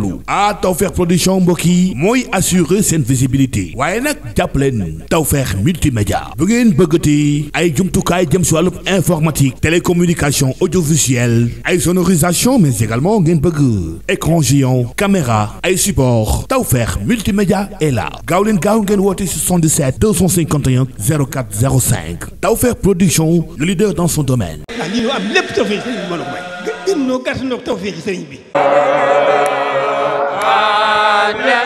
teewlu ah Tawfekh production mbokk yi mooy assurer seen visibilité waaye nag jàppaleen Tawfekh multimédia bu ngeen bëggatee ay jumtukaay jëm si wàllu informatique télécommunication audiovisuelle ay sonorisation mais également ngeen bëgg écran géant caméra ay support Tawfekh multimédia est là gaaw leen gaaw ngeen woote 77 251 production le leader dans son domaine. ah lii ñu am lépp tawfeex sëriñ bi. Amen.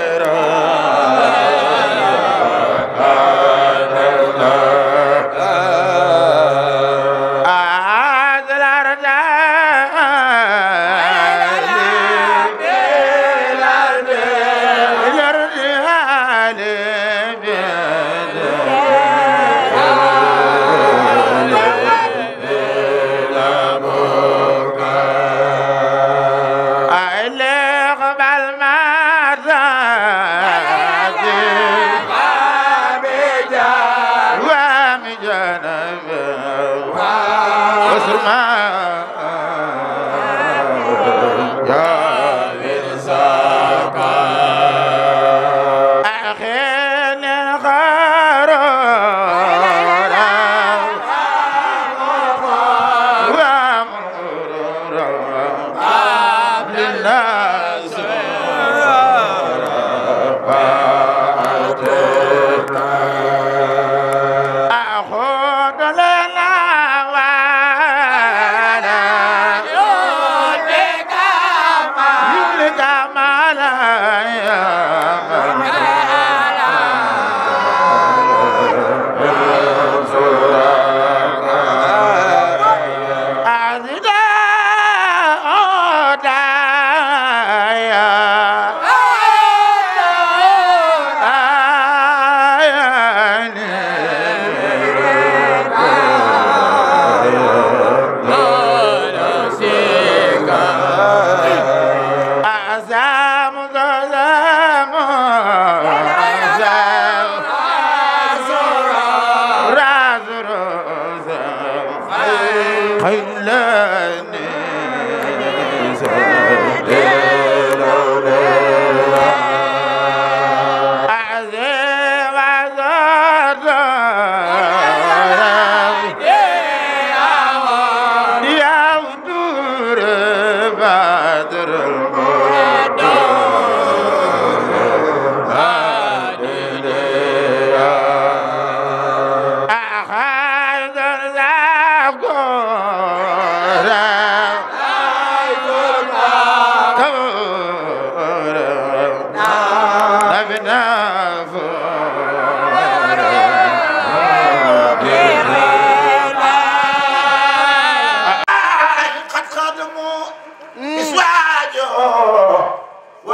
وسرما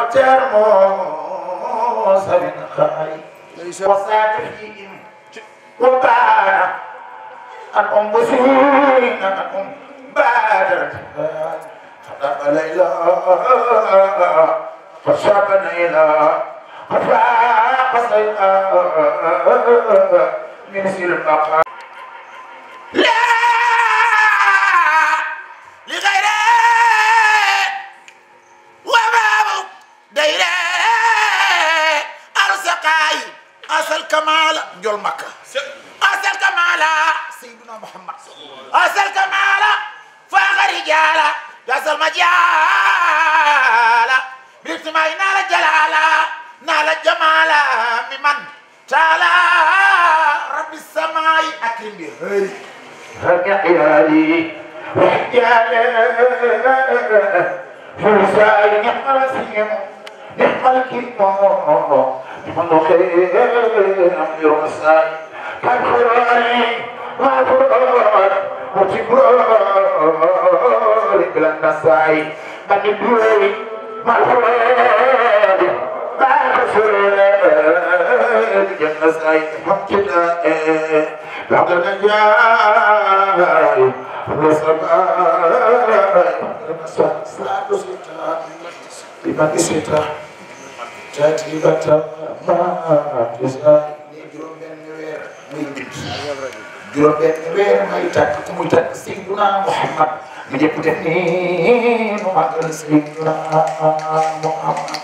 Cerno Sëriñ Xaay wasaaka fiihim wa baana an um busiina an um baadat فطاب ليلا فشاب نيلا فراق سيئا من سلمقا jol makka asal kamala sayyiduna muhammad asal kamala fa kharijala asal majala bismai nala jalala nala jamala miman taala rabbi samai akrim bi hari hakiyali وحجالا فرسائي حرسهم الملك من خير أمر مسائي كان قرآني ما قرآن وتبار بلا نسائي من يبوي ما قرآن ما قرآن جنة سائي الحمد لله بعد النجاة الصلاة والسلام لمن استطاع tatribatan ma gis naa ne juróom-benn weer muy gudd juróom-benn weer may tàkk ku muy tàkk Seydina Mouhamad mu jëpp def ni mu màggal Seydina Mouhamad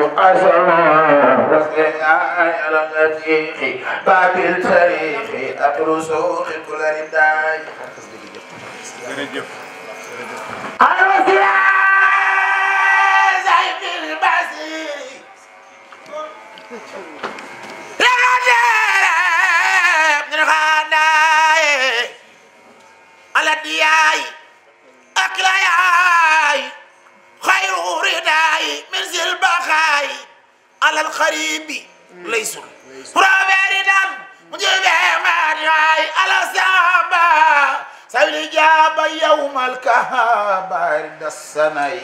قسما واسقنا على الرجيق باب التاريخ أبرزوخ كل رداي أرسلان Yeah. على الخريب ليس برابردا مجيب ماري على سابا سبيل جاب يوم الكهابر السني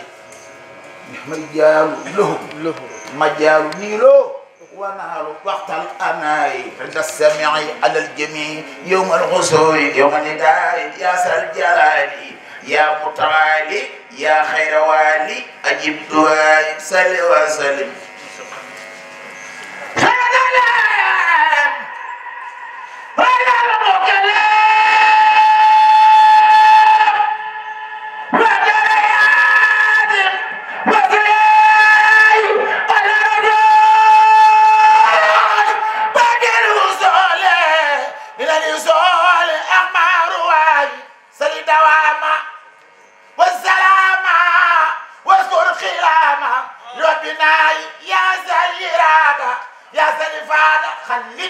مجال له مجال نيلو ونهار وقت الأناي عند السمع على الجميع يوم الغسول يوم النداء يا سر الجلال يا متعالي يا خير والي أجب دعائي صل وسلم خلد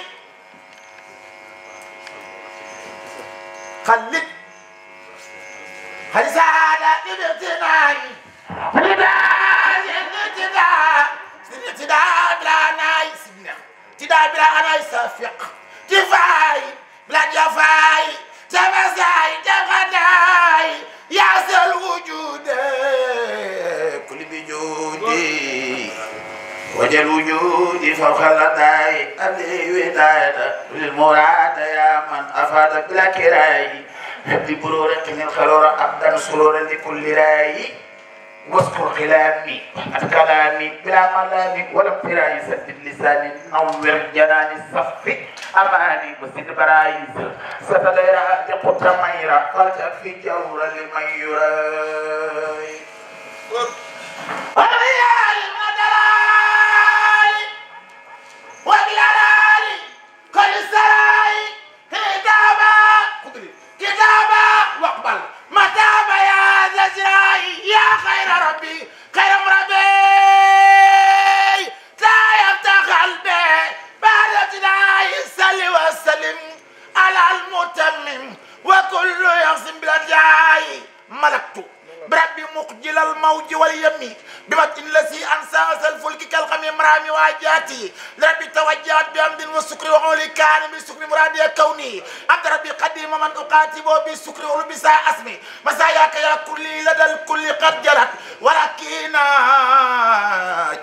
خلد خلد سعادة بالاغتناء خلداء الاغتناء ابتداء بلا نايس ابتداء بلا نايس فق كفاية بلا جفاية وجه الوجود فوق الأداء أبلي وداية للمراد يا من أفاد بلا كراي هبدي برورا كن الخلورا أبدا سرورا لكل راي واذكر كلامي وحد كلامي بلا ملامي ولا فراي سد اللسان نور جنان الصف أماني وسد برايز ستدير أبدي قط ميرا فالجأ في جورا لمن يراي Oh, yeah! يا خير ربي خير مربي أسمي أنت ربي قديم من أقاتب بالسكر ولبسا أسمي مساياك يا كلي لدى الكل قد جلت ولكن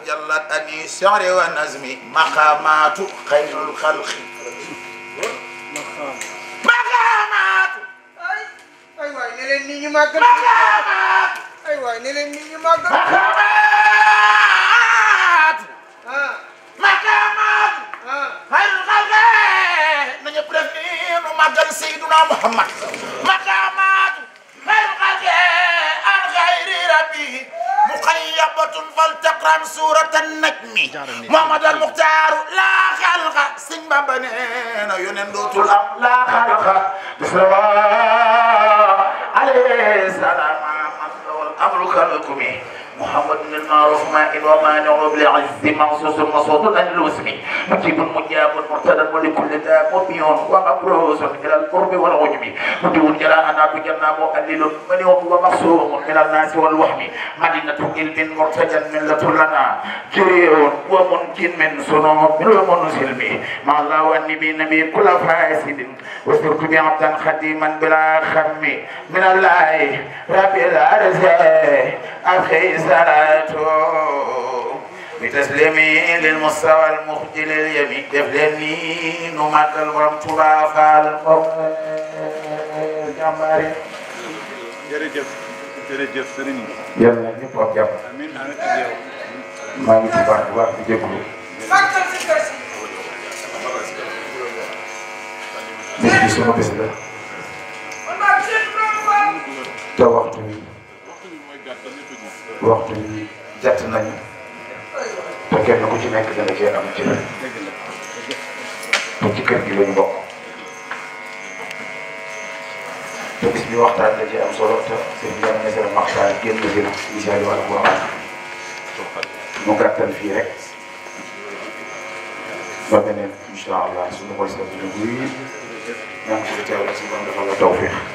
جلت أني شعري ونزمي مقامات خير الخلق مقامات أيوة نلين نيجي مقامات أيوة نلين نيجي مقامات مقامات màggal sayyiduna Muhammad maqaamaat xayru xalqi an xayri rabbi muxayyabatun fal taqram suuratan najmi Muhammad al Muxtaar laa xalqa sëñ Bamba nee na yónent dootul am laa xalqa bisala alayhi salaam amru xalqumi محمد المعروف مائل وما نعوب لعز مغصوص مصوت الوسم مجيب مجاب مرتد ولكل داء مبين ومبروس الى القرب والعجم مدون جرى انا بجنة مؤلل مليوم ومقسوم من الناس والوهم مدينة علم مرتجا من لتلنا جريء وممكن من صنوب ومنزلم مع الله والنبي نبي كل فاسد وسرت بعبدا خديما بلا خم من الله رب الارزاق اخيس salaatu bi taslimi lil mustawa al muxjil al yamin def leen nii nu màggal borom Tuubaa Faal jàmbaari jërëjëf jërëjëf sëriñ bi yal na ñëpp ak jàmm maa ngi tubaab bu baax di jéglu bis bi suma bis la te waxtu bi waxtu yi jàtt nañu te kenn ku ci nekk dana cee am ci la te ci kër gi lañu bokk te bis bi waxtaan da cee am solo te sëñ bi am na seen waxtaan génn gën ci isaani wàllu waxtaan mu gàttal fii rek ba beneen incha allah suñu xol seen dugub yi ñaan ko teewal si moom dafa la tawfiix